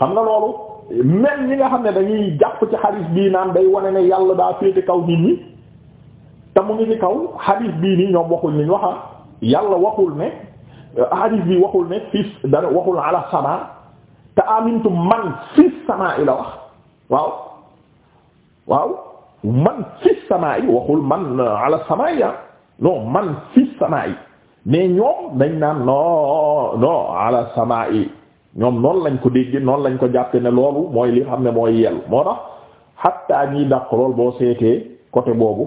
xam nga loolu même ñi nga xam ne dañuy jàpp ci xadiis bii naan day wane ne yàlla daa féete kaw nit ñi te mu ngi kaw xadiis bii nii ñoom waxul ni ñu waxa yàlla waxul ne xadiis bi waxul ne fis dana waxul ala sama te amintu man fis sama i la wax waaw waaw man fis sama i waxul man ala sama i non man fis sama i mais ñoom dañ naan non non ala sama i ñoom noonu lañ ko dégg noonu lañ ko jàppe ne loolu mooy li xam ne mooy yell moo tax xattaa ñiy dàq lool boo seetee côté boobu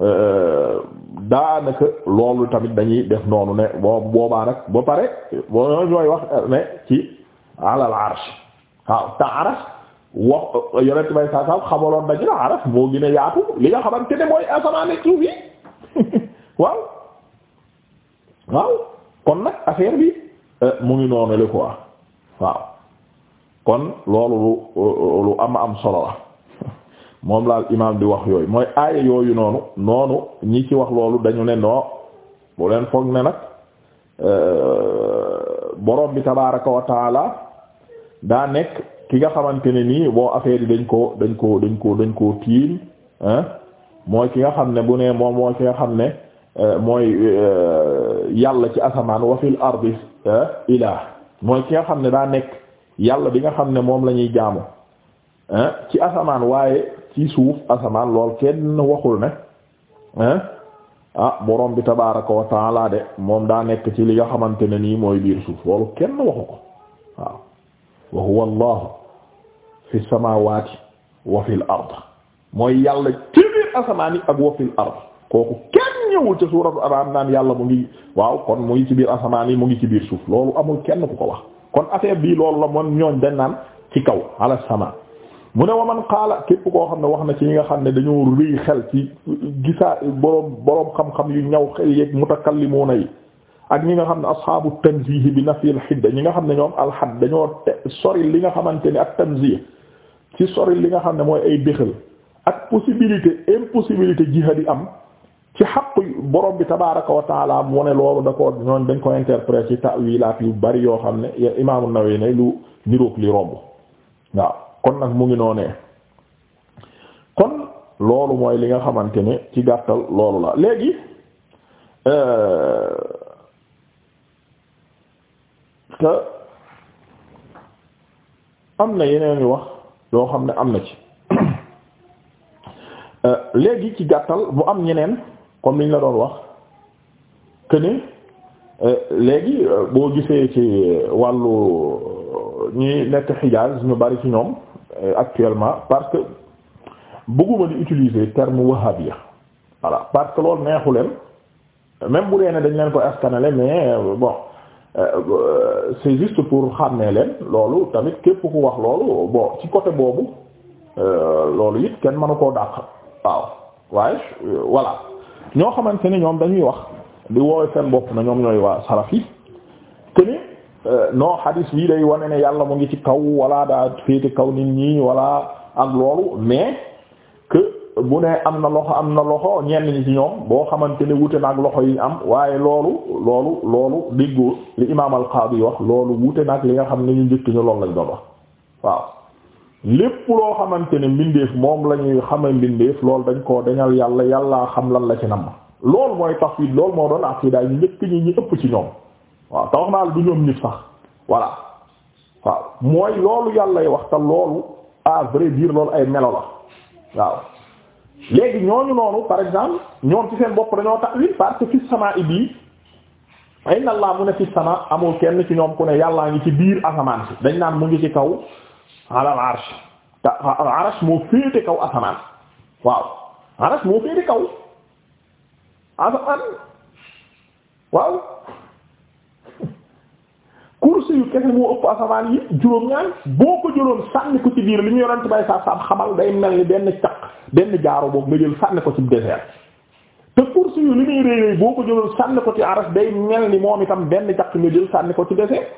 euh, daanaka loolu tamit dañuy def noonu ne boobaa nag ba pare boo ñooy wax euh, ne ci alal arsh waaw te euh, a yaatu li nga xamante ne mooy asamaan ak suuf waaw waaw kon nag affaire bi mu ngi noonu la quoi waaw kon loolu lu lu am am solo la moom laal imaam di wax yooyu mooy aaya yooyu noonu noonu ñi ci wax loolu dañu ne noo bu leen foog ne nag euh, borom bi tabaaraka wa daa nekk ki nga xamante ne nii boo affaire yi dañ koo dañ koo dañ koo dañ ko tiim mooy ki nga xam ne bu ne moom mooy ki nga xam ne euh, mooy euh, yàlla ci asamaan wa fil ardi ilah mooy ki nga xam ne daa nekk yàlla bi nga xam ne moom lañuy ñuy jaamu ci asamaan waaye ci suuf asamaan lool kenn waxul ne ah boroom bi tabaaraka wa taala de moom daa nekk ci li nga xamante ne nii mooy biir suuf loolu kenn waxu ko waaw wa huwa allahu fi samaawaati wa fil ard mooy yàlla ci biir asamaan yi ak wa fil ard kooku kenn ñëwul ca suuratu An'am naan yàlla mu ngi waaw kon mu ngi ci biir asamaan yi mu ngi ci biir suuf loolu amul kenn ku ko wax kon affaire bii loolu la moom ñooñ dañ naan ci kaw ala mu ne wa man xaala képp koo xam ne wax na ci ñi nga xam ne dañoo rëy xel ci gisaa boroom boroom xam-xam yu ñaw xel yeeg na yi ak ñi nga xam ne ashaabu tanziih bi nafyi al-hidd ñi nga xam ne ñoom al dañoo sori li nga xamante ni ak tanziih ci sori li nga xam ne mooy ay déxal ak possibilité impossibilité jihad yi am ci xaq borom bi tabaaraka wa taala mu ne loolu da ko ñoon dañ ko interpréter ci ta'wilaat yu bari yoo xam ne Imaam An-Nawawi ne lu niroog li romb waaw kon nag mu ngi noonee kon loolu mooy li nga xamante ni ci gàttal loolu la léegi euh, am na yeneen yu wax yoo xam ne am na ci euh, léegi ci gàttal bu am ñeneen. comme liñ la doon wax que ne euh, léegi euh, boo gisee ci wàllu euh, ñi nekk Hijaz ñu bari ci ñoom actuellement parce que bëgguma di utiliser terme wahhabiya voilà parce que loolu neexu leen même bu dee ne dañ leen ko askanale mais bon c'est juste pour xàmmee leen loolu tamit képp ku wax loolu bon ci côté boobu loolu it kenn mënu koo dàq waaw waaye voilà ñoo xamante ni ñoom dañuy wax di woowe seen bopp na ñoom ñooy waa salafi te ni euh, non hadis bii day wane ne yàlla mu ngi ci kaw wala daal féete kaw nit ñi wala ak loolu mais que bu ne am na loxo am na loxo ñenn ñi ci ñoom boo xamante ne wute naag loxo yi am waaye loolu loolu loolu déggoo li imaam al-Qaadi wax loolu wute naag li nga xam ne ñu njëkk ñu lool lañ doon waaw lépp loo xamante ne mbindeef moom la ñuy xame mbindeef loolu dañ koo dañal yàlla yàlla xam lan la ci nam loolu mooy tafwid loolu moo doon aqiida ñu njëkk ñi ñu ëpp ci ñoom waaw te wax naa la du ñoom nit sax voilà waaw mooy loolu yàllay wax te loolu à vrai loolu ay melo la waaw léegi ñooñu noonu par exemple ñoom ci seen bopp dañoo tawil parce que fi sama ibi ay na laa mu ne fi sama amul kenn ci ñoom ku ne yàllaa ngi ci biir asamaan si dañ naan mu ngi ci kaw alal arsh te arsh moo féete kaw asamaan waaw arsh moo féete kaw asamaan waaw kursi yu kese moo ëpp asamaan yi juróom-ñaar boo ko jëloon sànni ko ci biir li ñu yonent bay sa sam xamal day mel ni benn caq benn jaaro boobu nga jël sànni ko ci désert te kursi yu li muy réy réy boo ko jëloon sànni ko ci arsh day mel ni moom itam benn caq nga jël sànni ko ci désert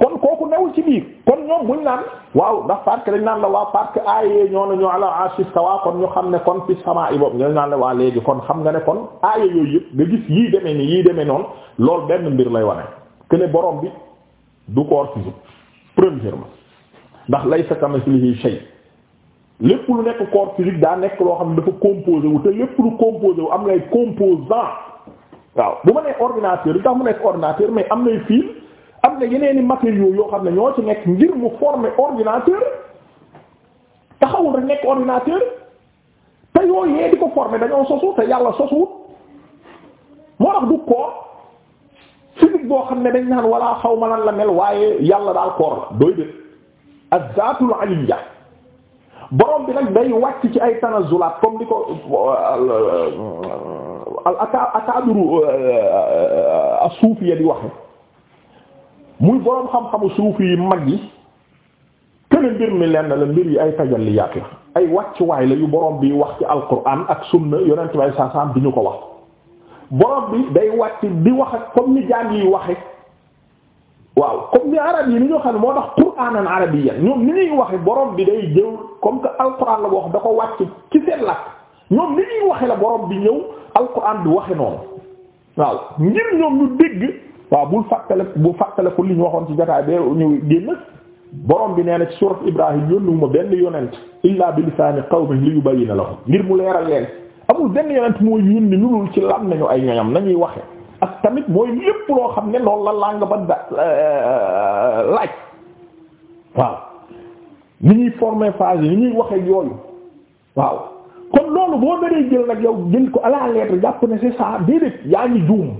kon kooku newul ci lii kon ñoom buñ naan waaw ndax parce dañ naan la waa parce que aayee ñoo ne ñoo ala arshis tawa kon ñu xam ne kon fi sama i boobu dañ naan la waa léegi kon xam nga ne kon aaye yooyu yëpp nga gis yii demee ni yii demee noon loolu benn mbir lay wane que ne borom bi du corps physique premièrement ndax laysa kamithlihi shay lépp lu nekk corps physique daa nekk loo xam ne dafa composé wu te lépp lu composé wu am lay composant waaw bu ma nee ordinateur tax mu nekk ordinateur mais am nay fil am na yeneen yoo xam ne ñoo ci nekk ngir mu former ordinateur taxawul rek nekk ordinateur te yooyu yee di ko former dañoo sosu te yàlla sosuwut moo tax du koor physique boo xam ne dañ naan walla xaw ma lan la mel waaye yàlla daal koor la doy de az-zaatul aliyya borom bi nag day wàcc ci ay tanazulaat comme di ko al aka akabiru di waxe muy boroom xam-xamu suufi yi mag yi kene mbir mi lenn la mbir yi ay tajalliyaat la ay wàccuwaay la yu borom bi wax ci alquran ak sunna yonent bay saasaam bi ñu ko wax borom bi day wàcc di wax ak comme ni jàng yi waxe waaw comme ni arab yi ni ñoo xam ne moo tax quraanan arabiyyan ñoom ni ñuy waxe boroom bi day jëw comme que alquran la wax da ko wàcc ci seen làkk ñoom ni ñuy waxe la borom bi ñëw alquran bi waxe noonu waaw ngir ñoom ñu waaw bul fàttale bu fàttale ko li ñu waxoon ci jotaay bee ñu génn boroom bi nee na ci surat Ibrahim yónnuwuma benn yonent illaa bi lisaani qawmihi li yubayyina lahum ngir mu leeral leen amul benn yonent mooy yónni lu dul ci lan nañu ay ñoñam nañuy waxe ak tamit mooy lépp loo xam ne loolu la làng ba da euh, laaj waaw ni ñuy former phase yi ñuy waxe yooyu waaw kon loolu boo baree jël nag yow gën ko à la lettre jàpp ne c'est ça déedéet yaa ngi juum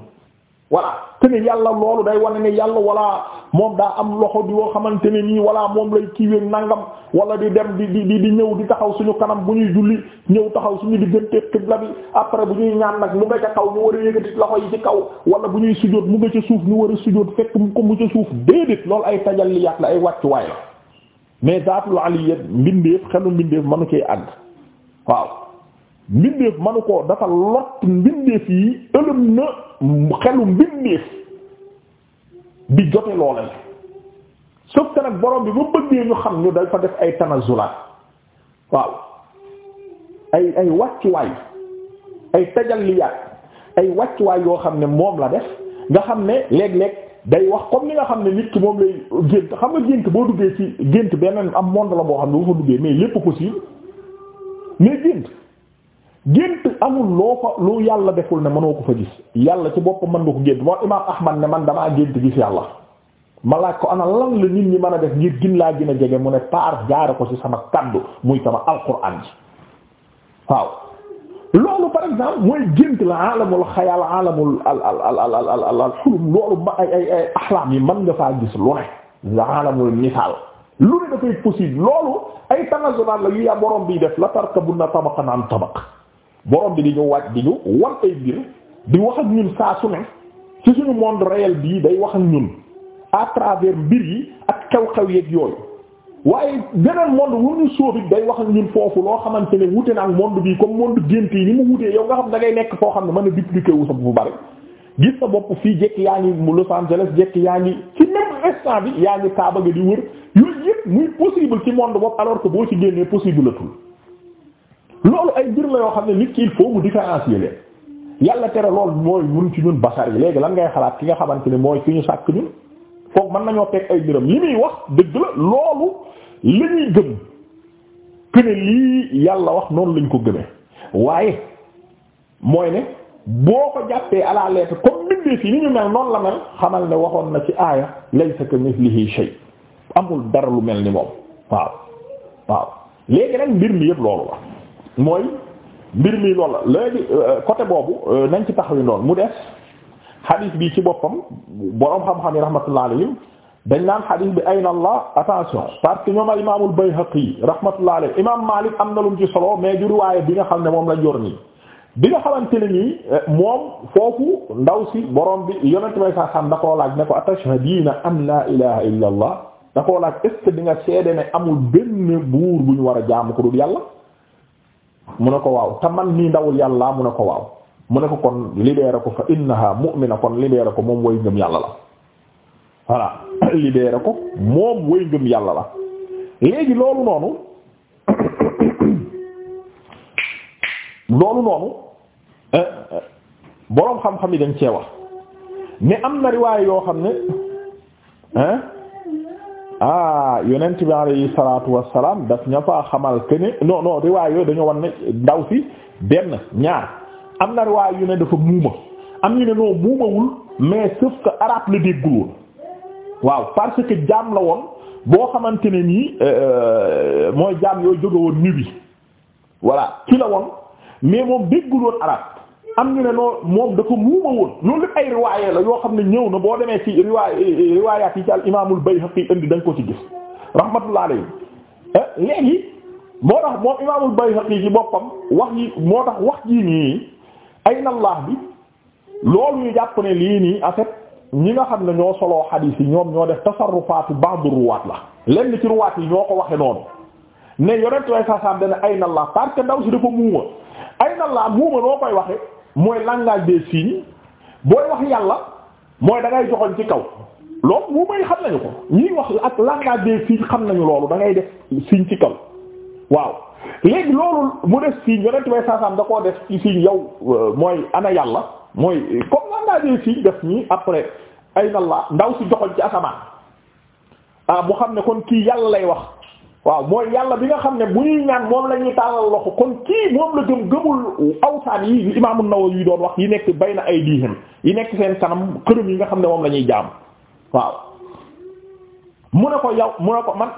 voilà te yàlla loolu day wane ne yàlla wala moom daa am loxo di woo xamante ne nii wala moom lay kiiwee nangam wala di dem di di di ñëw di taxaw suñu kanam bu ñuy julli ñëw taxaw suñu diggante xibla bi après bu ñuy ñaan nag mu nga ca kaw ñu war a yëkkati loxo yi ci kaw wala bu ñuy sujjóot mu nga ca suuf ñu war a sujjóot fekk mu ko mu ca suuf déedéet loolu ay tajalliyaat la ay wàccuwaay la mais zaatul aliyat mbindeef xelu mbindeef mënu cee àgg mbindeef manu ko dafa lott mbindeef yi ëlëm na xelu mbindeef di jote loola la sauf que nag borom bi ba bëggee ñu xam ñu fa def ay tanazulaat waaw ay ay wàccuwaay ay tajalliyaat ay wàccuwaay yoo xam ne moom la def nga xam ne léeg-léeg day wax comme ni nga xam ne nit ki moom lay gént xam nga gént boo duggee ci gént benn am monde la boo xam ne boo fa duggee mais lépp possible mais gént gént amul loo fa lu yàlla deful ne mënoo ko fa gis yàlla ci boppam man nga ko gént moo imaam ahmad ne man damaa gént gis yàlla ma laaj ko ana lan nit ñi man a def ngir gin laa gën a jege mu ne paar jaare ko ci sama kaddu muy sama alquran ji waaw loolu par exemple mooy gént la alamul xayaal alamul al al al al al al xulum loolu ma ay ay ay axlaam yi mën nga faa gis lu ne alamul misaal lu ne dafay possible loolu ay tanazulat la yu yaa borom bi def la tarkabunna tabaqan an tabaq borom bi di ñu wàcc di ñu wan ay mbir di wax ak ñun saa su ne ci suñu monde réel bii day wax ak ñun à travers mbir yi ak xew-xew yeeg yooyu waaye beneen monde wu ñu sóobit day wax ak ñun foofu loo xamante ne wute na ak monde bii comme monde gént yi ni mu wutee yow nga xam da dangay nekk koo xam ne mën a dupliquer wu sa bu bari gis sa bopp fii jekk yaa ngi mu Los Angeles jekk yaa ngi ci même instant bi yaa ngi taaba nga di wër yooyu yëpp muy possible ci monde alors que boo ci génnee possible atul loolu ay mbir ma yoo xam ne nit ki il faut mu différencier leen yàlla tere lool mooy mun ci ñun basar yi léegi lan ngay xalaat ki nga xamante ne mooy ki ñu sàkk ñun foog mën nañoo teg ay mbiram li muy wax dëgg la loolu li yàlla wax noonu lañ ko gëmee waaye mooy ne boo ko jàppee à la lettre comme bindee la mel xamal ne waxoon na ci aaya laysa ka mislihi shay amul dara lu mel ni moom waaw waaw léegi nag mbir mi yëpp loolu la. mooy mbir mii loolu la léegi euh, côté boobu euh, nañ ci taxaw noonu mu des hadith bi ci boppam boroom xam-xam yi rahmatullah alayhim dañ naan hadith bi ayna Allah attention parce que ñoom al imaamul Bayhaqi rahmatullah alayhi imaam Maalik am na lu mu ci solo mais ju riwaaya bi nga xam ne moom la jor nii bi nga xamante ne nii euh, moom foofu ndaw si borom bi yonent may saa xam da ne ko atashhadiina an am ilaha illa allah da koo di nga seede ne amul benn buur bu ñu war a jaamu ko yàlla mu ne ko waaw te man nii ndawul yàlla mu ne ko waaw mu ne ko kon libéré ko fa innaha mu'mina kon libéré ko moom way ngëm yàlla la yàlla la léegi loolu noonu loolu noonu eh, eh, boroom xam-xam yi dañ cee wax am na riwaay yoo xam ne hein eh, ah yonent bi alayhi salaatu wassalaam daf ña faa xamal que ne non non riwaay yooyu dañoo war ne ndaw si benn ñaar am na riwaay yu ne dafa muuma am ñu ne non muumawul mais sauf que arabe la déggul woon waaw parce que jaam la woon boo xamante ne nii euh, euh, mooy jaam yooyu jóge woon nibi voilà ci la woon mais moom déggul woon arabe am ñu ne noo moom dafa muuma woon loolu lépp ay riwaayé la yoo xam ne ñëw na boo demee ci riwaay riwaayaat yi ci al imaamul Bayhaqi indi da nga ko ci gis rahmatullah alayhi eh, léegi moo tax moom imaamul Bayhaqi ci boppam wax yi moo tax wax jii nii ay nallah bi loolu ñu jàpp ne lii nii en ñi nga xam ne ñoo soloo xadiis yi ñoom ñoo def tasarrufaatu ba'du ruwaat la lenn ci ruwaat yi ñoo ko waxe noonu ne yonent way saasam dana ay nallah parce que ndaw si dafa muuma ay nallah muuma noo koy waxe mooy langage des signes booy wax yàlla mooy dangay ngay ci kaw loolu mu may xam nañu ko ñuy wax ak langage des signes xam nañu loolu dangay def signe ci kaw waaw léegi loolu mu def signe yonent bay saasaam da koo def ci signe yow euh, mooy ana yàlla mooy comme langage des def ñii après ay na la ndaw si joxoon ci asamaan ah bu xam ne kon kii yàlla lay wax waaw mooy yàlla bi nga xam ne bu ñuy ñaan moom la ñuy tàllal loxo kon kii moom la gëm gëmul awsaan yi imaamu Nawawi yi doon wax yi nekk bay bayna aydihim yi nekk seen kanam xërëm yi nga xam ne moom la ñuy jaam waaw mu ne ko yow mu ne ko man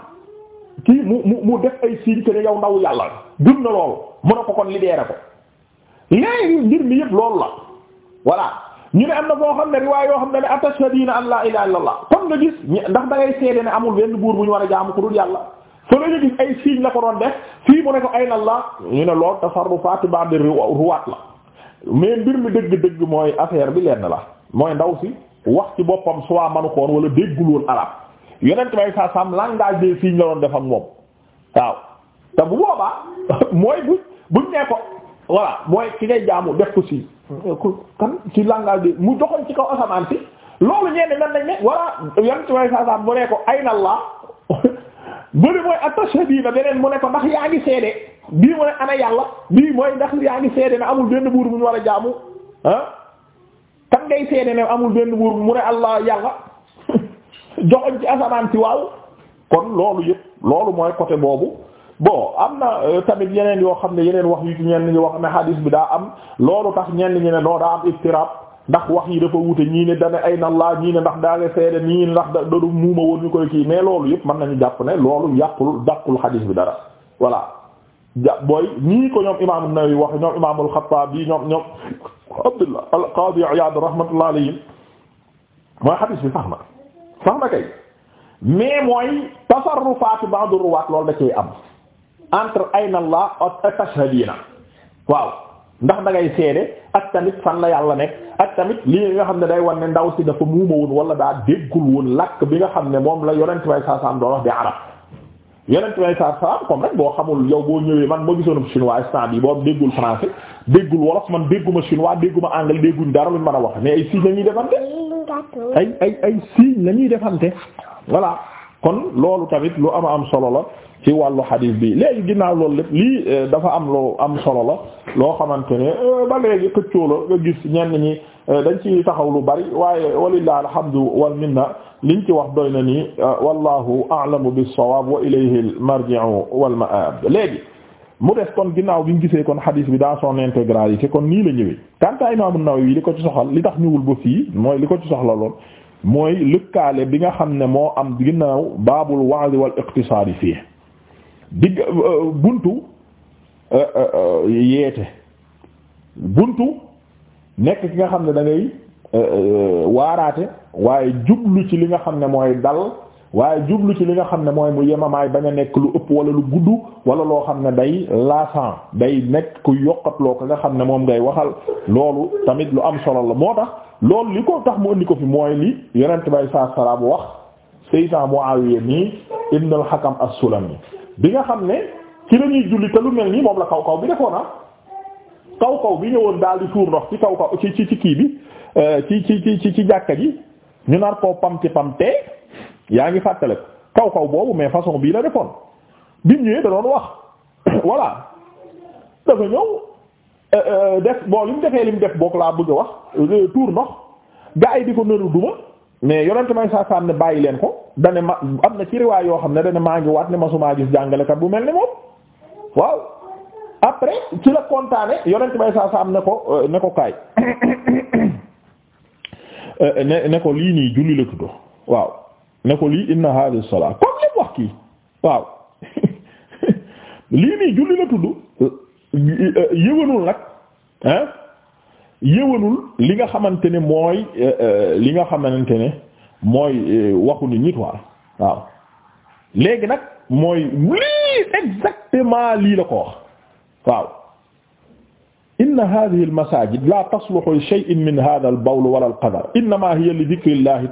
kii mu mu def ay signe que ne yow ndaw yàlla gëm na loolu mu ne ko kon libéré ko léegi mbir mi yëpp loolu la voilà ñu ne am na foo xam ne riwaay yoo xam ne ne atashhadina an la ilaha illallah kon nga gis ndax da ngay amul benn buur bu ñu war a jaamu ku dul yàlla fa la ñu gis ay la ko doon def fii mu ne ko ayna Allah ñu ne lool tasarrufaat ba'd ruwaat la mais mbir mi dëgg-dëgg mooy affaire bi lenn la mooy ndaw si wax ci boppam soit manu ko woon wala déggul woon arab yonent bay sa sam langage des signes la doon def ak moom waaw te bu boobaa mooy bu buñ nee ko voilà mooy ki ngay jaamu def ko si kan ci langage bi mu doxoon ci kaw asamaan si loolu ñeen nan nañ ne voilà yonent bay sa sam mu ne ko ayna Allah bële mooy atashhadiina beneen mu ne ko ndax yaa ngi seede bii mooy ana yàlla bii mooy ndax yaa ngi seede ne amul benn buur ñu war a jaamu ah kan ngay seede ne amul benn buur mu ne allah yàlla joxoñ ci asamaan ci waaw kon loolu yëpp loolu mooy côté boobu bon am na euh, tamit yeneen yoo xam ne yeneen wax yu ci ñenn ñi wax ne hadis bi daa am loolu tax ñenn ñi ne noo daa am istiraab ndax wax yi dafa wute ñii ne dana ay na laa ñii ne ndax daale seede ñii ne ndax da doon muuma woon ñu koy kii mais loolu yëpp mën nañu jàpp ne loolu yàqul dàqul xadiis bi dara voilà ja booy nii ko ñoom imaam an-Nawawi wax ñoom imaam al-Xattaabi ñoom ñoom Abdullah al-Qaadi Iyaad rahmatullah alayhi mooy xadiis bi sax na sax na kay mais mooy tasarrufaat ba'd ruwaat loolu da cee am entre ayna laa ak tashhadiina waaw ndax da ngay seede ak tamit fan la yàlla nekk ak tamit lii nga xam ne day wan ne ndaw si dafa muuma woon wala daa déggul woon làkk bi nga xam ne moom la yonent way saa saam doon wax di arab yonent way saa saam comme rek boo xamul yow boo ñëwee man moo gisoon chinois instant bi boo déggul français déggul wolof man dégguma chinois dégguma anglais dégguñ dara luñ man a wax mais ay signes la ñuy defante ay ay ay signes la defante voilà kon loolu tamit lu am am solo la ci wàllu xadiis bi léegi ginnaaw loolu lépp lii euh, dafa am loo am solo la loo xamante ne euh, ba léegi këccoo la nga gis ñeen ñi euh, dañ ci taxaw lu bari waaye walillahi alhamdu wal minna liñ ci wax doy na nii wallahu a'lamu bi sawab wa ilayhi al-marji'u wal ma'ab léegi mu des kon ginnaaw bi gisee kon xadiis bi daa dans son intégralité kon nii la ñëwee kanta imaamu Nawawi li ko ci soxal li tax ñëwul ba fii mooy li ko ci soxla loon mooy lëkkaale bi nga xam ne moo am ginnaaw baabul wa'd wal iqtisaad fii digg euh, buntu euh, euh, yeete buntu nekk ki nga xam ne dangay ngay waaraate waaye jublu ci li nga xam ne mooy dal waaye jublu ci li nga xam ne mooy mu yemamaay ba nga nekk lu ëpp wala lu gudd wala loo xam ne day laasan day nekk ku yokkatloo ko nga xam ne moom ngay waxal loolu tamit lu am solo la moo tax loolu li ko tax mu indi ko fi mooy li yonent bay saa salaam wax Seydina Muawiya nii Ibn al-Hakam as-Sulami bi nga xam ne ci la ñuy lu mel nii moom la kaw kaw bi defoon ah kaw kaw bi ñëwoon daal di tuur ndox ci kaw kaw ci ci ci kii bi euh, ci ci ci ci jàkka ji ñu nar koo pam ci pam te yaa ngi fàttale kaw kaw boobu mais façon bii la defoon bi ñëwee da doon wax voilà dafa ñëw euh, euh, def boo li mu defee li mu def boog laa bëgg a wax tuur ndox gaa yi di ko nëru duma mais yonent may saa saa ne bàyyi leen ko. dane ma am na ci riwaay yoo xam ne dane maa ngi waat ne masumaa gis jàngalekat bu mel ni moom waaw après ci la kontaane yonent bay saa saa am ne ko euh, ne ko kaay euh, ne ne ko lii nii julli la tuddu waaw ne ko lii inna hadhihi salat comme li wax kii waaw lii nii julli la tuddu yëwanul nag hein yëwanul li nga xamante ne mooy euh, li nga xamante ne mooy eh, waxu nit ñi quoi waaw léegi nag mooy lii exactement lii la ko wax waaw inna hadhihi al masajid la tasluhu li shay'in min hadha al bawl wala al qadar innama hiya li dhikri llahi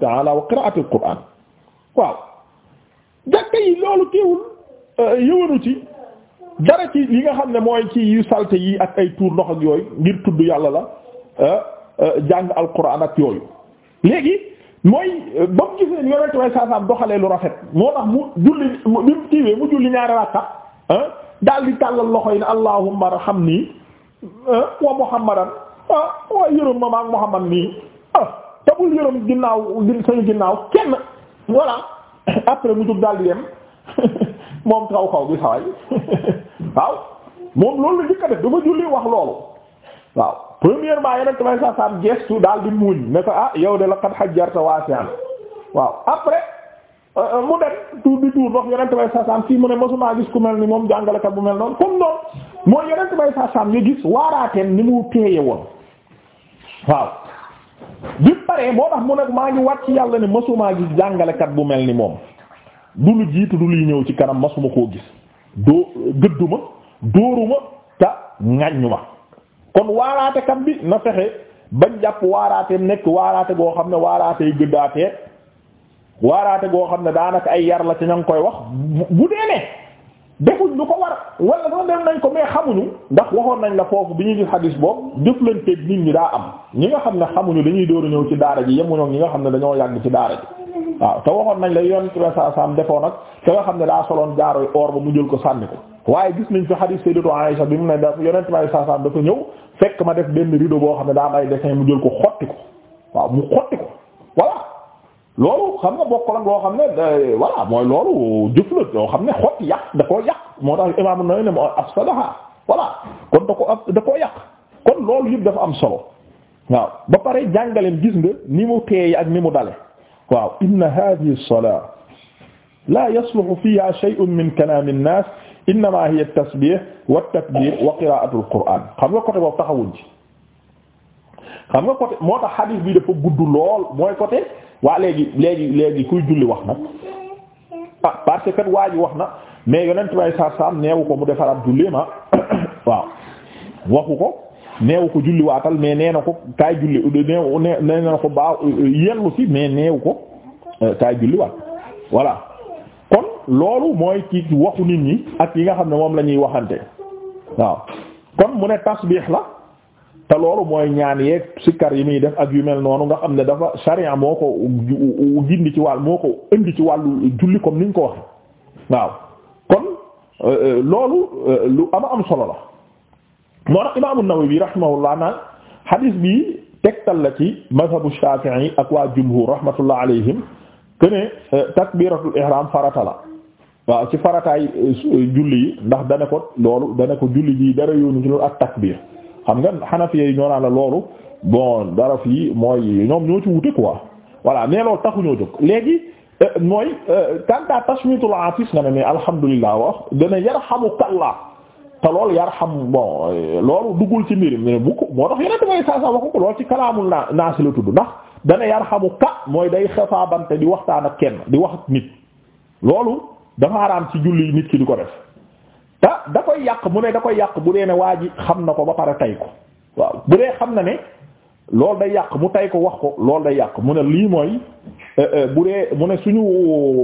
yi loolu eh, xam ne mooy ci yu salte ak ay tuur ndox ak ngir tudd yàlla la eh, jàng al qur'an ak yooyu mooy euh, ba mu gisee yonent way saasaam doxalee lu rafet moo tax mu julli bi mu kiiwee mu julli ñaari rakka daal di tàllal loxo yi ne allahumma arhamni wa muhammadan ah waa yërëm ma maag muhammad nii ah yërëm ginnaaw sañu ginnaaw kenn voilà après mu jóg daal di dem moom taw kaw bi saway waaw moom loolu la dafa julli wax loolu waaw premièrement yeneen tamit sax gestu daal di muuñ ne ko ah yow de la kat xajjarta waasi'an waaw après euh, mu dem tuur di tuur wax yeneen tamit sax saam mu ne mosuma gis ku mel ni moom jàngalekat bu mel noonu comme noonu mooy yeneen tamit sax saam ñu gis waaraateen ni mu teeye ne maa jàngalekat bu mel ni moom du lu jiitu du luy ñëw ci kanam mosuma koo gis doo gëdduma dóoruma te ŋaññu ma. kon waaraatekat bi na fexe bañ jàpp waaraateem nekk waaraate goo xam ne waaraatey gëddaatee waaraate goo xam ne daanaka ay yar la ca ña ngi koy wax bu dee ne defuñ lu ko war wala doon dem nañ ko mais xamuñu ndax waxoon nañ la foofu bi ñuy gis xadis boobu jëflanteeg nit ñi daa am ñi nga xam ne xamuñu dañuy dóoru ñëw ci daara ji yemuñu ñi nga xam ne dañoo yàgg ci daara ji waaw te waxoon nañ la yoon ci sa sam defoon ak te nga xam ne daa soloon jaaroy or ba mu jël ko sànni ko waaye gis nañ fi xadis sayyidatu Aisha bi mu ne daf yonent may sa sam dafa ñëw fekk ma def benn rideau boo xam ne am ay dessin mu jël ko xotti ko waaw mu loolu xam nga bokkul loo xam ne euh, voilà mooy loolu jëf la xam ne xot yàq da koo yàq moo tax imaamu Nawawi ne moo afsadaha voilà kon da ko da koo yàq loolu yëpp dafa am solo waaw ba pare jàngaleen gis nga ni mu teey ak ni mu dale waaw inna hadhihi as-salat la yasluhu fiha shay'un min kalam an-nas innama hiya at-tasbih wat-takbir wa qira'atu al-qur'an xam nga côté boobu taxawuñ ci xam nga côté moo tax hadith bi gudd lool mooy côté waa léegi léegi léegi kuy julli wax nag ah parce que waa ji wax na mais yonent may saar saam neewu ko mu defaraat julli ma waaw waxu ko neewu ko julli waatal mais nee na ko kaay julli neew nee na ko baaw yellu si mais neewu ko euh, kaay julli waat voilà kon loolu mooy ci waxu nit ñi ak yi nga xam ne moom la ñuy waxante waaw kon mu ne tasbiix la te loolu mooy ñaan yeeg sikkar yi muy def ak yu mel noonu nga xam ne dafa sharia moo ko gindi ci wàll moo ko indi ci wàllu julli comme niñ ko wax waaw kon euh, euh, loolu euh, lu ama am solo la moo tax imaamu Nawawi rahimahullah naan hadith bi tegtal la ci mazhabu Shafi'i ak waa jumhur rahmatullah alayhim que ne takbiratul ihram farata la waaw ci farataay julli yi ndax dana ko loolu dana ko julli ji dara yoonu ci loolu ak takbir xam nga Hanafi yi ñoo naan la loolu bon dara fii mooy ñoom ñoo ci wute quoi voilà nee loolu taxu ñoo jóg léegi euh, mooy kanta euh, tashmitul atis nga ne mais alhamdulilah wax dana yarhamukallah te loolu yarham bon euh, loolu duggul ci mbir mi bu moo tax yeneen damay saa saa waxu ko loolu ci kalaamul naa naasi la tudd ndax dana yarhamuka mooy day xafaabante di waxtaan ak kenn di wax ak nit loolu dafa araam ci julli nit ki di ko def. te da koy yàq mu ne da koy yàq bu dee ne waa ji xam na ko ba pare tay ko waaw bu dee xam na ne lool day yàq mu tay ko wax ko lool day yàq mu ne lii mooy eh, eh, bu dee mu ne suñu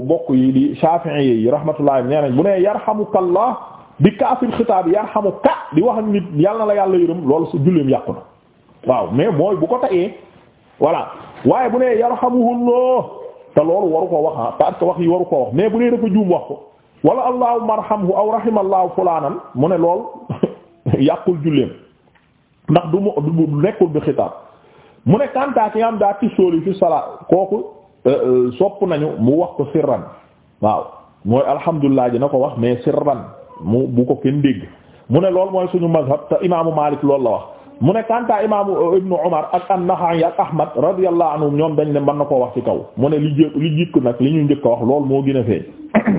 bokk yi di Shafi'i yi rahmatullah nee nañ bu ne yarhamukallah bi kaafil xitaab yarhamuka di wax ak nit yàlla na la yàlla yërëm lool su julleem yàqu na waaw mais mooy bu ko tayee voilà waaye bu ne yar yarhamuhullah te loolu waru koo wax parce que wax yi waru ko wax mais bu dee dafa juum wax ko. wala allahumma arhamhu aw rahimallahu fulaanan mu ne lool yàqul julleem ndax du mu du nekkul bi xitaab mu ne kantaa ki nga am daa tisóol yi fi salaa kooku euh, euh, sopp nañu mu wax ko sirran waaw mooy alhamdulilah ji na ko wax mais sirran mu bu ko kenn dégg mu ne lool mooy suñu mazhab te imaamu Maalik lool la wax mu ne kantaa imaamu euh, ibnu Umar ak an-Naxa'i ak Ahmad radiyallahu ñoom dañ ne mën na koo wax ci kaw mu ne li jëkk li nag li ñu njëkk a wax lool moo gën a feeñ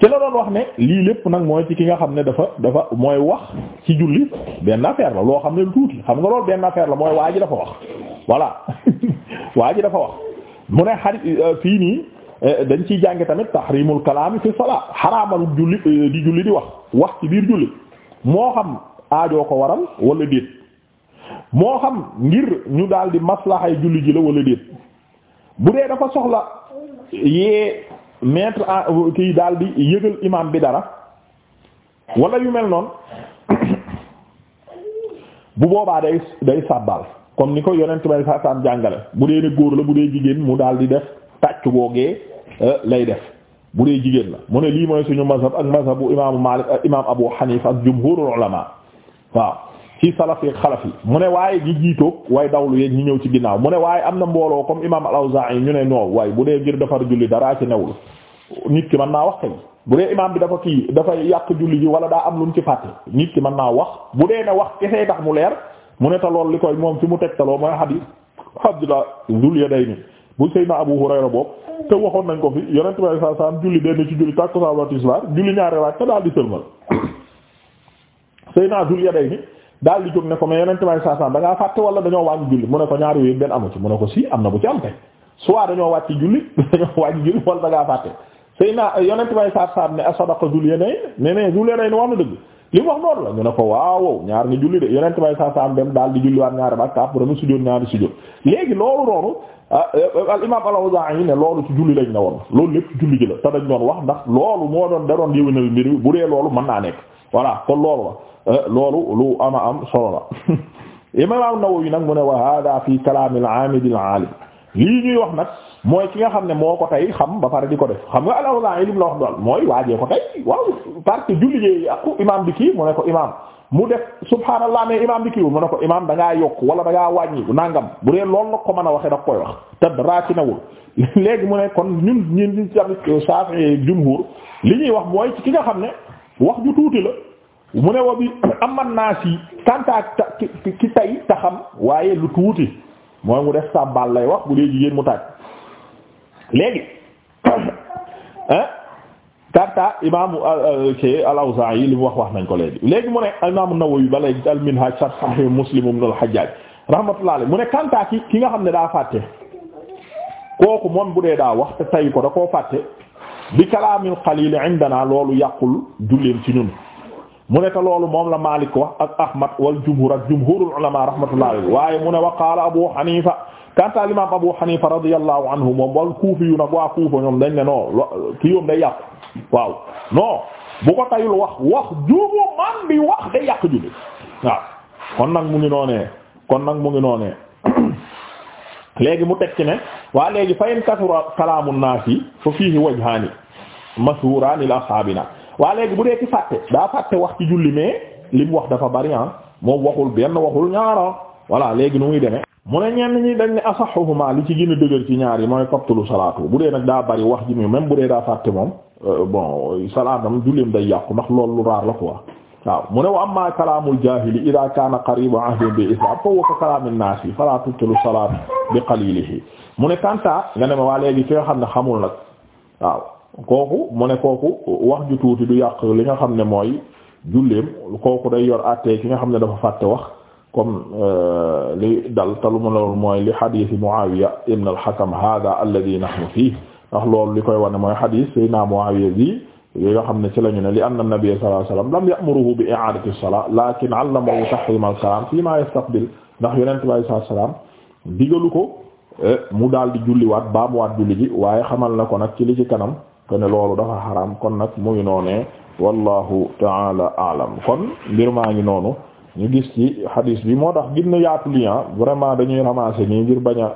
ci la doon wax ne lii lépp nag mooy ci ki nga xam ne dafa dafa mooy wax ci julli benn affaire la loo xam ne lu tuuti xam nga loolu benn affaire la mooy waa ji dafa wax voilà waa dafa wax mu ne xari euh, fii nii euh, dañ ciy jànge tamit tahrimul kalaam fi salaa xaraamalu julli euh, di julli di wax wax ci biir julli moo xam aajoo ko waral wala déet moo xam ngir ñu daal di maslaxay julli ji la wala déet bu dee dafa soxla yee mettre en kii daal di yëgal imam bi dara wala yu mel noon bu boobaa day day sàbbal kon ni ko yonent bay sa sam jàngale bu dee ne góor la bu dee jigéen mu daal di def tàcc googee euh, lay def bu dee jigéen la mu ne lii mooy suñu mazhab ak mazhabu imaamu Maalik ak imaam Abu Hanifa ak jumhurul ulama waaw ci salaf yi xalaf yi mu ne waaye gi jiitoog way dawlu yeeg ñi ñëw ci ginnaaw mu ne waaye am na mbooloo comme imam al-Awzaa'i ñu ne noow waaye bu dee ngir defar julli daraa ci newul nit ki man naa wax kay bu dee imam bi dafa kii dafa yàq julli ji wala daa am lu mu ci fàtte nit ki man naa wax bu dee ne wax kesee tax mu leer mu ne ta lool li koy moom fi mu tegtaloo mooy hadith Abdullah Zul Yadayni bu Seydina Abu Hurayra boobu te waxoon nañ ko bi sallallahu alayhi wasallam julli benn ci julli tàkkusaan wa tisbaar julli ñaari raak te daal di sëlmal Seydina Zul Yadayni daal di jóg ne ko mais yonent may saasan da ngaa fàtte wala dañoo wàññi julli mu ne ko ñaar yooyu benn amu ci mu ne ko si am na bu ci am kay soit dañoo wàcc julli dañoo wàññi julli wala da fàtte sëy naa yonent bay saab saab ne asadaqa dul yeneen ne ne dul yeneen wax na dëgg li wax noonu la ñu ne ko waaw ñaar nga julli de yonent bay saab saab dem daal di julliwaat ñaari rakka après mu sujjóot ñaari sujjóot léegi loolu a ah, eh, al imam al-Awzaa'i ne loolu ci julli lañ ne woon loolu lépp julli ji la te dañ doon wax ndax loolu moo doon da doon yéwénal mbir bu dee loolu man naa nekk voilà kon loolu la eh, loolu lu ama am solo la imam An-Nawawi nag mu wa hada wax nag mooy ki nga xam ne moo ko tey xam ba pare di ko def xam nga alawlaa ilim la wax dool mooy waajee ko tey waaw parce que julli ak imam bi kii mu ne ko imam mu def subhaanallah mais imam bi kii mu ne ko imam da ngaa yokk wala da ngaa wàññi nangam bu dee loolu la ko mën a waxee da koy wax te dara ci nawul léegi mu ne kon ñun ñun ñun tamit Shafi'i jumhur li ñuy wax mooy ci ki nga xam ne wax ju tuuti la mu ne wa bi aman naa si kantaak ki tey taxam waaye lu tuuti mooy mu def sàbbal lay wax bu dee jigéen mu taaj léegi ah karta imaamu ci euh, euh, al-Awzaa'i li mu wax wax nañ ko léegi léegi mu ne imaamu Nawawi ba léegi al-Minhaaj sharh Sahih Muslim ibn al-Hajjaaj rahmatullahi alayhi mu ne kanta ki ki nga xam ne daa fàtte kooku moon bu dee daa wax te tay ko da koo fàtte bi kalaamil qaliil indana loolu yàqul julleem ci ñun mu ne loolu moom la Maalik wax ak Ahmad wal jumhur ak jumhurul ulama rahmatullahi waaye mu ne wa qaala Abu Hanifa kanta al-imam Abu Hanifa radiyallahu anhu moom wal kuufi yu nag waa kuufa ñoom dañ ne non kii yoom day yàq waaw non bu ko tayul wax wax juumu man bi wax day yàq julli waaw kon nag mu ngi noonee kon nag mu ngi noone léegi mu teg ci ne waa léegi fa in kasura kalaamu naasi fa fiihi wajhaani mashhuuraani li ashaabina waa léegi bu dee ci fàtte daa fàtte wax ci julli mais li mu wax dafa bari ah moom waxul benn waxul ñaara ah. voilà léegi nu muy demee. mu ne ñenn ñi dañ ne asaxuhuma li ci gën a dëgër ci ñaar yi mooy lu salaatu bu dee nag daa bari wax ji mi même bu dee daa fàtte moom euh, bon salaatam julleem day yàqu ndax loolu lu raar la ko quoi waaw mu ne wa amma kalaamul jaahili idaa kaana qariiba ahdin bi islaam fa huwa ka kalaamin naasi falaa tubtilu salaat bi qaliilihi mu ne kanta nga ne ma waa léegi fi nga xam ne xamul nag waaw kooku mu ne kooku wax ju tuuti du yàq li nga xam ne mooy julleem kooku day yor àttee ki nga xam ne dafa fàtte wax comme euh, li dal talu ma loolu mooy li xadiisi Muawiya ibn al-Hakam hada alladhi nahnu fii ndax loolu li koy wane mooy xadiis sayna Muawiya bi li nga xam ne ci lañu ne li anna nabiyya sallallahu alayhi wasallam lam ya'muruhu bi i'adati as-salat lakin 'allamahu tahrima al-kalam fi ma ndax yonent bi sallallahu alayhi wasallam digalu ko eh, mu daal di julliwaat baamuwaat julli ji waaye xamal na ko nag ci li ci kanam kene loolu dafa xaram kon nag mu ngi noonee wallahu taala alam kon mbir maa ngi noonu ñu gis ci hadis bi moo tax gin a yaatu li ah vraiment dañuy ramasser nii ngir bañ a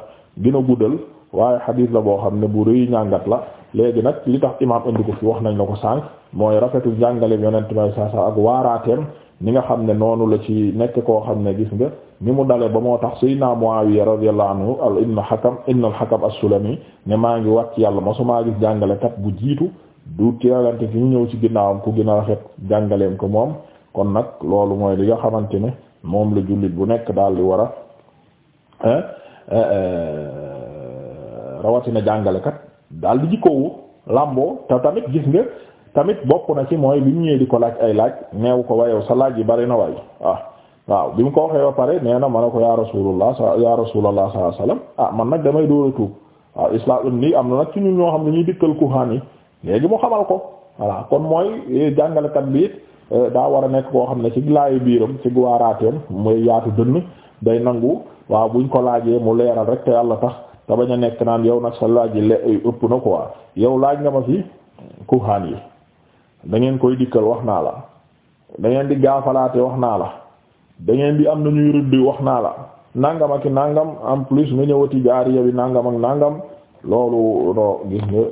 gën a guddal waaye hadis la boo xam ne bu rëy ñàngat la léegi nag li tax imaam indi ko fi wax nañ la ko sànq mooy rafetu jàngale yonent bay saa saa ak waaraateem ni nga xam ne noonu la ci nekk koo xam ne gis nga ni mu dale ba moo tax Seydina Muawiya radiyallahu anhu al ibn Hakam ibn al Hakam as-Sulami ne maa ngi wàcc yàlla masumaa gis jàngalekat bu jiitu du teelante fi ñu ñëw ci ginnaawam ku gën a rafet jàngaleem ko moom kon nag loolu mooy li nga xamante ne moom la jullit bu nekk daal di war euh, euh, rawatina jàngalekat daal di jikkoowu làmboo tamit gis nga tamit bokk na ci mooy bi mu ñëwee di ko laaj ay laaj neewu ko wayow sa laaj yi bari na way ah waaw bi mu ko waxee wa pare nee na ma ne ko ya rasulullah ya rasulullah sallallahu alayhi wasallam ah man nag damay dóor a tuub waaw islam nii am na nag ci ñun ñoo xam ne ñuy dikkal kuhaan yi léegi mu xamal ko voilà kon mooy jàngalekat bi euh, daa war a nekk koo xam ne ci laayu biiram ci guwaaraateem mooy yaatu dënn day nangu waaw buñ ko laajee mu leeral rek te yàlla tax te bañ a nekk naan yow nag sa laaj yi ëpp na quoi yow laaj nga ma fi kuhaan yi da ngeen koy dikkal wax naa la da ngeen di gaafalaate wax naa la da ngeen di am na ñuy rëdd wax naa la nangam ak nangam en plus nga ñëwati jaariya bi nangam ak nangam loolu no gis nga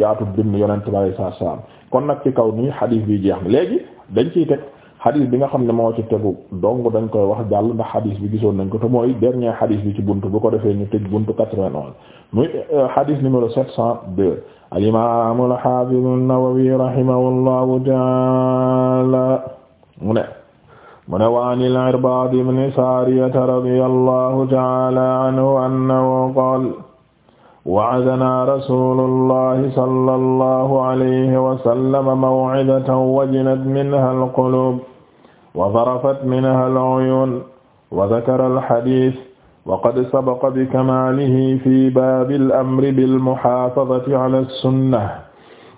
yaatu bind yonent bi sallallahu alayhi wasallam kon nag ci kaw nii xadiis bi jeex na léegi dañ ciy teg. xadis bi nga xam ne moo ci tegu dong dañ koy wax jàll ndax xadis bi gisoon nañ ko te mooy dernier xadis bi ci buntu bu ko defee ñu tëj buntu 91 muy euh, xadis numéro 702 al imam al hafiz an-Nawawi rahimahullahu ta'ala mu ne mu ne waan al Irbaad ibn Saariyata radiyallahu ta'ala anhu annahu wa'adanaa rasuulullahi sallallahu alayhi wa sallam maw'izatan wajinat minhaa al-quluub wa zarafat minhaa al-'uyuun wa dhakara al-hadiith wa qad sabaqa bikamaalihi fii baabi al-amri bil-muhaafadhati 'alaa as-sunnah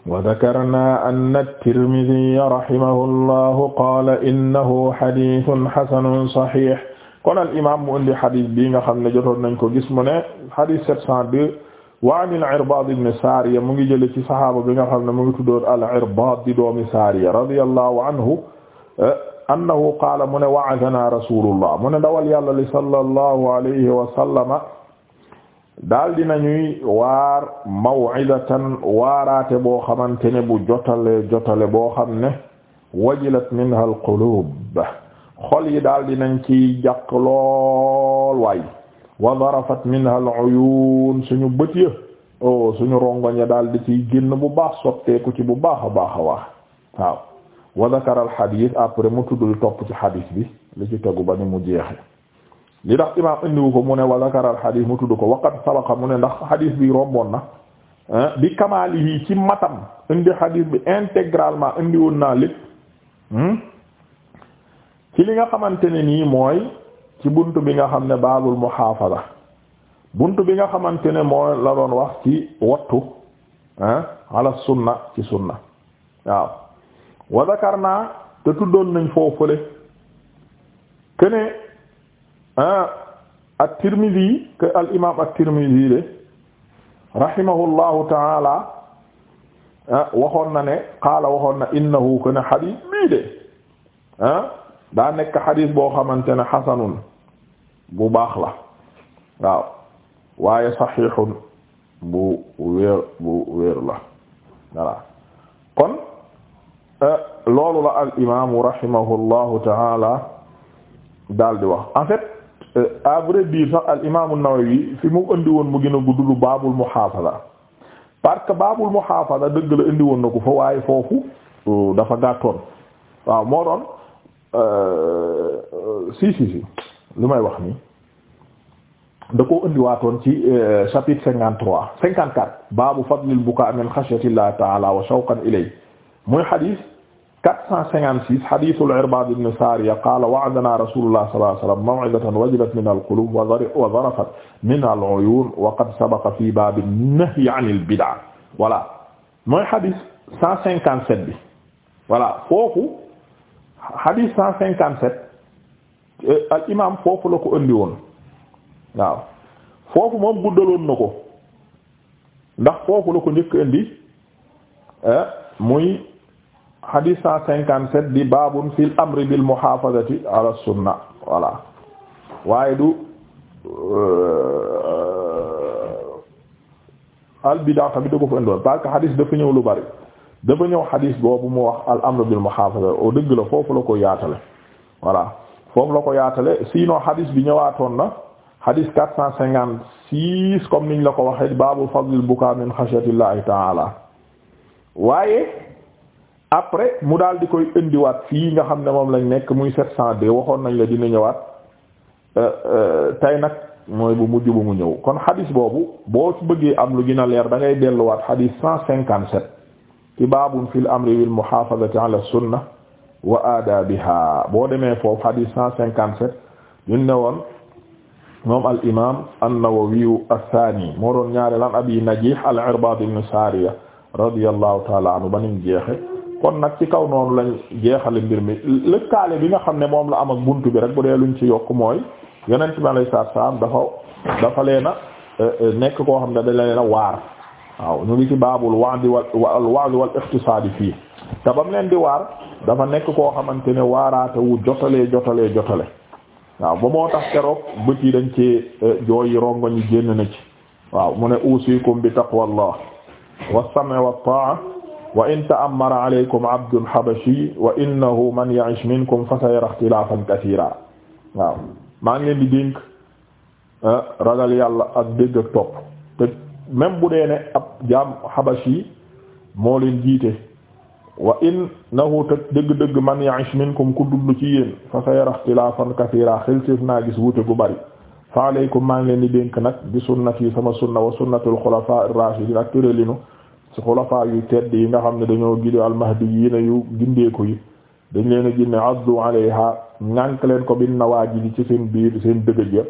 wa dhakarnaa anna at-Tirmidhiyya rahimahullahu qaala innahu hadiithun hasanun sahiih kon al imaam mu indi xadis bii nga xam ne jotoon nañ ko gis mu ne xadis 702 wa an al-Irbaad ibn Saariya mu ngi jële ci saxaaba bi nga xam ne mu ngi tuddoon al-Irbaad di doomi Saariya radiyallahu anhu annahu mu ne wa'azanaa rasuulullah mu ne dawal yàlla li sallallahu alayhi wa sallama daal di nañuy waar maw'izatan waaraate boo xamante ne bu jotale jotale boo xam ne wajilat minha al-quluub yi daal di nañ ci jàq lool waay wa darafat minha al-uyun suñu bët ya oh suñu rongoñ ya daal di ci génn bu baax sotteeku ci bu baax a baax a wax waaw wa dhakara al-hadith après mu tudd li topp ci hadith bi li ci tegu ba ni mu jeexe li tax imaam indiwu ko mu ne wa dhakara al-hadith mu tudd ko waqad sabaqa mu ne ndax hadith bi romboon na bi kamaalihi ci matam indi hadith bi intégralement indiwoon naa lépp hmm. ci li nga xamante ne nii mooy. ci bunt bi nga xam ne baabul muhaafada bunt bi nga xamante ne moo la doon wax ci wattu ah ala sunna ci sunna waaw wa zakarna te tuddoon nañ foofule kene at-Tirmidhi que al imam at-Tirmidhi de rahimahullahu taala waxoon na ne qaala waxoon na innahu kana xadis bii de ah daa nekk xadis boo xamante ne xasanun bu baax la waaw waaye saxiixun bu wéer bu wéer la voilà kon euh, loolu la al imaamu rahimahullahu taala daal di wax en fait euh, à vrai dire sax al imaamu Nawawi fi mu indi woon mu gën a gudd baabul muhaafada parce baabul muhaafada dëgg la indi woon na ko fa waaye foofu euh, dafa gàttoon waaw moo doon si si si lu may wax nii da koo indiwaatoon ci euh, chapitre cinquante trois cinquante quatre baabu fadlil bukaa min xashyatillahi ta'ala wa shawqan ilay muy xadis quatre cent cinquante six xadisul Irbaad ibn Saariya qaala wa'adanaa rasuulullah sallallahu alayhi wa sallam maw'izatan wajilat min al-quluub wa zarafat min al-uyuun wa qad sabaqa fii baabi nahyi anil bid'a voilà mooy xadis cent cinquante sept bi voilà foofu xadis cent cinquante sept Euh, al imaam foofu la ko indi woon waaw foofu moom guddaloon na ko ndax foofu la ko njëkk indi euh, muy xadiis cent cinquante sept di baabun fil amri bil muhaafazati ala sunna voilà waaye du euh, al bidaa bi du ko fa indi woon parce que dafa ñëw lu bari dafa ñëw xadiis boobu mu wax al amri bil muhaafazati o dëgg la foofu la ko yaatale voilà foofu la ko yaatale sinon hadis bi ñëwaatoon na hadis quatre cent cinquante six comme niñ la ko waxee baabu fadlil bukaa min xashyatillahi taala waaye après mu daal di koy indiwaat fii nga xam ne moom lañ nekk muy sept cent deux waxoon nañ la dina ñëwaat euh, euh, tey nag mooy bu mujj bu mu ñëw kon hadis boobu boo bëggee am lu gën a leer da ngay delluwaat hadis cent cinquante sept ci baabun fil amri wil muhaafazati ala sunna wa bi aadabiha boo demee foofu hadith cent cinquante-sept ñun ne woon moom al imam an-Nawawi athani moo doon ñaare lan abi Najih al-Irbad ibn Sariya radiyallahu taala anhu banim jeexe kon nag ci kaw noonu lañ jeexale mbir mi lëkkaale bi nga xam ne moom la am ak buntu bi rek bu dee luñ ci yokk mooy yonent bi alayhi salaatu salaam dafa dafa leena e, e, nekk koo xam ne da leena waar waaw ñu ngi ci baabul wa'd wal wa'd wal iqtisaad fii te ba mu di waar dafa nekk koo xamante ne waaraate wu jotalee jotalee jotale waaw ba moo tax keroog bët yi dañ ci eh, jooyi rongoñ yi génn ci waaw mu ne usikum bi taqwallah wa sam'i wa ta'a wa in ta'ammara alaykum abdun habashi wa innahu man ya'ish minkum fa sayara ikhtilafan kathira waaw maa ngi leen di dénk eh, ragal yàlla ak dégg ak topp te bu dee ne ab jaam habashi moo jiite wa na te dëgg-dëgg man ya'ish minkum ku dund ci yéen fa sayara ikhtilafan kathira xilséef naa gis wuute gu bari fa alaykum maa ngi leen di dénk nag bi sunnati sama sunna wa sunnatul xulafaa ar-raashidin ak tëralinu ci xulafaa yu tedd yi nga xam ne dañoo gidi yi mahdiyyiina yu gindeeku yi dañ leen a ginne addu alayha ngànk leen ko bin nawaajibi ci seen biir seen dëgëj ya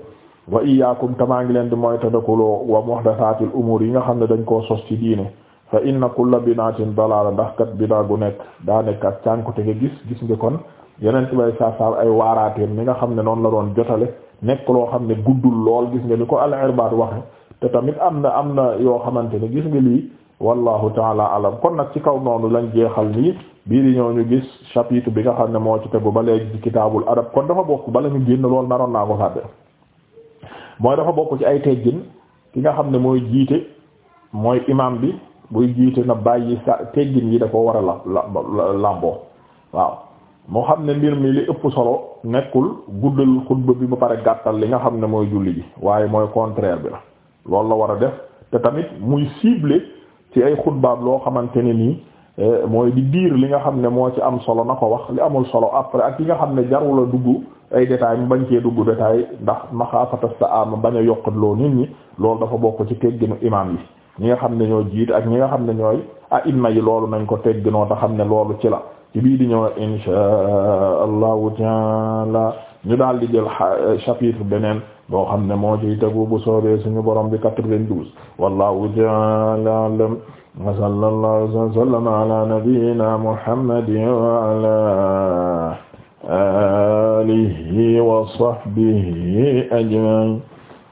wa iyaakum te ngi leen di moytandikuloo wa muhdathatil umuur yi nga xam ne dañ koo sos ci diine fa inna kulla binaatin dalaala ndax kat binaa gu nekk daa nekk ak cànkute nga gis gis nga kon yeneen bay saa saa ay waaraateen mi nga xam ne noonu la doon jotale nekk loo xam ne guddul lool gis nga ni ko al-Irbaad waxe te tamit am na am na yoo xamante ne gis nga lii wallahu taala alam kon nag ci kaw noonu lañ jeexal nii bii di ñëw ñu gis chapitre bi nga xam ne moo ci tegu ba léegi ci kitaabul adab kon dafa bokk bala ñu génn lool naroon naa ko mooy dafa bokk ci ay teggin ki nga xam ne mooy jiite mooy bi buy jiite na bàyyi sa teggin yi da war a la lamboo waaw moo xam ne mbir mi li ëpp solo nekkul guddal xutba bi ba pare gàttal li nga xam ne mooy julli ji waaye mooy contraire bi la loolu la war a def te tamit muy ciblé ci ay xutbaab loo xamante ne nii eh, mooy di diir li nga xam ne moo ci am solo na ko wax li amul solo après ak yi nga xam ne jarul dugg ay détails mu bañ cee dugg détails ndax maxaafata sa ama bañ a yokkatloo nit ñi loolu dafa bokk ci tegginu imaam yi ñi nga xam ne ñoo jiit ak ñi nga xam ne ñooy ah imma yi loolu nañ ko tegginoo te xam ne loolu ci la ci bii di ñëw inshaa allahu taala ñu daal di jël chapitre beneen boo xam ne moo ciy tegu bu soobee suñu borom bi 92 wallahu taala alam wa sallallahu wa sallama ala nabiyyina muhammadin wa ala alihi wa sahbihi ajma'in